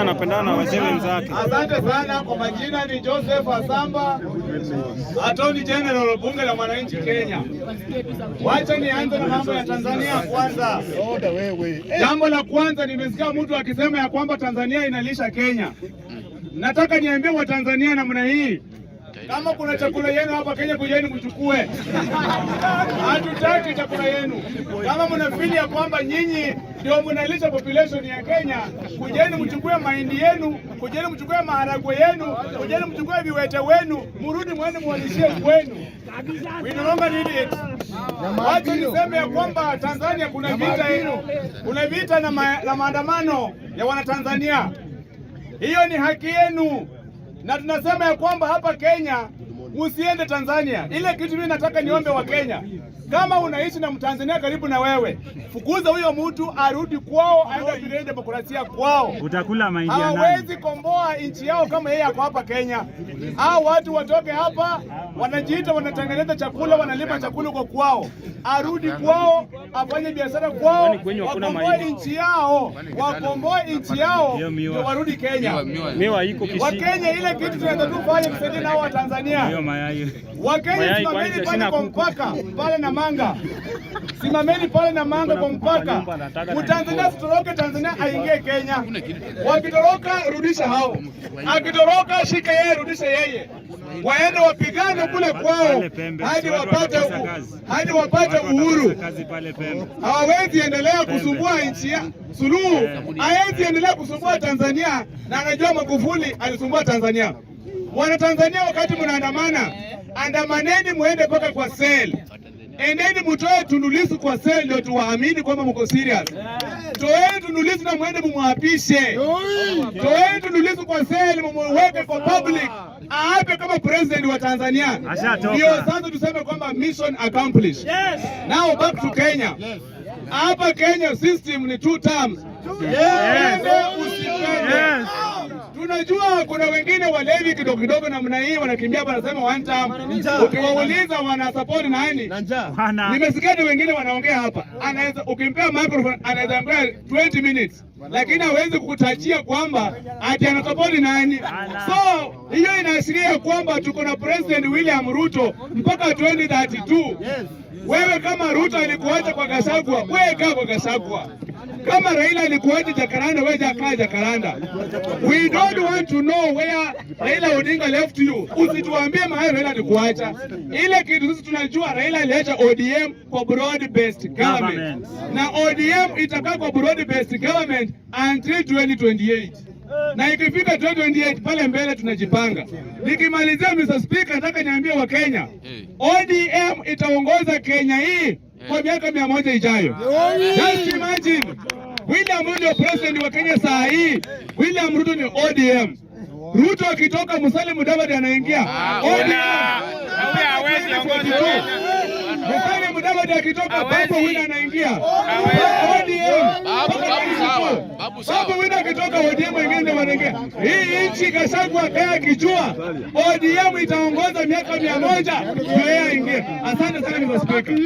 Anapendana na wazee wenzake. Asante sana kwa majina, ni Joseph Asamba, atoni general bunge la mwananchi Kenya. Wacha nianze na mambo ya Tanzania kwanza. Jambo la kwanza, nimesikia mtu akisema ya kwamba Tanzania inalisha Kenya. Nataka niambie Watanzania namna hii kama kuna chakula yenu hapa Kenya, kujeni mchukue, hatutaki chakula yenu. Kama mnafikiri ya kwamba nyinyi ndio mnalisha population ya Kenya, kujeni mchukue mahindi yenu, kujeni mchukue maharagwe yenu, kujeni mchukue viwete wenu, murudi mwende mwalishie kwenu. We no longer need it. Wacha niseme ya kwamba Tanzania kuna vita hiyo, kuna vita na ma, maandamano ya Wanatanzania. Hiyo ni haki yenu na tunasema ya kwamba hapa Kenya usiende Tanzania. Ile kitu mimi nataka niombe wa Kenya, kama unaishi na Mtanzania karibu na wewe, fukuza huyo mtu arudi kwao, aende vile demokrasia kwao. Utakula mahindi nani? Hawezi komboa nchi yao kama yeye ako hapa Kenya. Hao watu watoke hapa wanajiita wanatengeneza chakula, wanalima chakula kwa kwao, arudi kwao, afanye biashara kwao, yaani yaani wakomboe nchi yao, wakomboe nchi yao, ndio warudi Kenya. Wakenya, ile kitu tunaweza kusaidia nao Watanzania. Wakenya, simameni pale kwa mpaka pale na manga Simameni pale na manga kwa mpaka. Mtanzania sitoroke Tanzania aingie Kenya. Wakitoroka rudisha hao, akitoroka shika yeye, rudisha yeye waende wapigane kule kwao hadi wapate hadi wapate uhuru. Hawawezi endelea kusumbua nchi. Suluhu hawezi eh. endelea kusumbua Tanzania, na anajua Magufuli alisumbua Tanzania. Wana Tanzania, wakati mnaandamana, eh. andamaneni muende mpaka kwa sel Endeni mutoe Tundu Lissu kwa seli ndio tuwaamini kwamba mko serious. Toeni Tundu Lissu na mwende mumwapishe. Toeni Tundu Lissu kwa seli mumweke kwa public, aape kama president wa Tanzania. Ndio sasa tuseme kwamba mission accomplished. Now back to Kenya. Hapa Kenya system ni two terms. Yes. Yes. Yes. Tunajua kuna wengine walevi kidogo kidogo namna hii wanakimbia, wanasema wanta. Ukiwauliza wana support nani? Nimesikia ni wengine wanaongea hapa, anaweza ukimpea microphone anaweza ambia 20 minutes, lakini hawezi kukutajia kwamba ati ana support nani. So hiyo inaashiria kwamba tuko na President William Ruto mpaka 2032. Wewe kama Ruto alikuacha kwa Gachagua, wewe kaa kwa Gachagua. Kama Raila alikuwaje Jakaranda, wewe jakaa Jakaranda. We don't want to know where Raila Odinga left you. Usituambie mahali Raila alikuacha. Ile kitu sisi tunajua Raila aliacha ODM kwa broad based government. Na ODM itakaa kwa broad based government until 2028. Na ikifika 2028 pale mbele tunajipanga. Nikimalizia Mr. Speaker, nataka niambie wa Kenya. ODM itaongoza Kenya hii kwa miaka mia moja ijayo. Just imagine William Ruto ndio president wa Kenya saa hii. William Ruto ni ODM. Ruto akitoka Musalia Mudavadi anaingia ah, Musalia Mudavadi akitoka Babu anaingia ODM. Babu akitoka ODM wanaingia. Hii nchi Gachagua kaa kijua ODM itaongoza miaka mia moja ndio yeye aingie. Asante sana Mr. Speaker.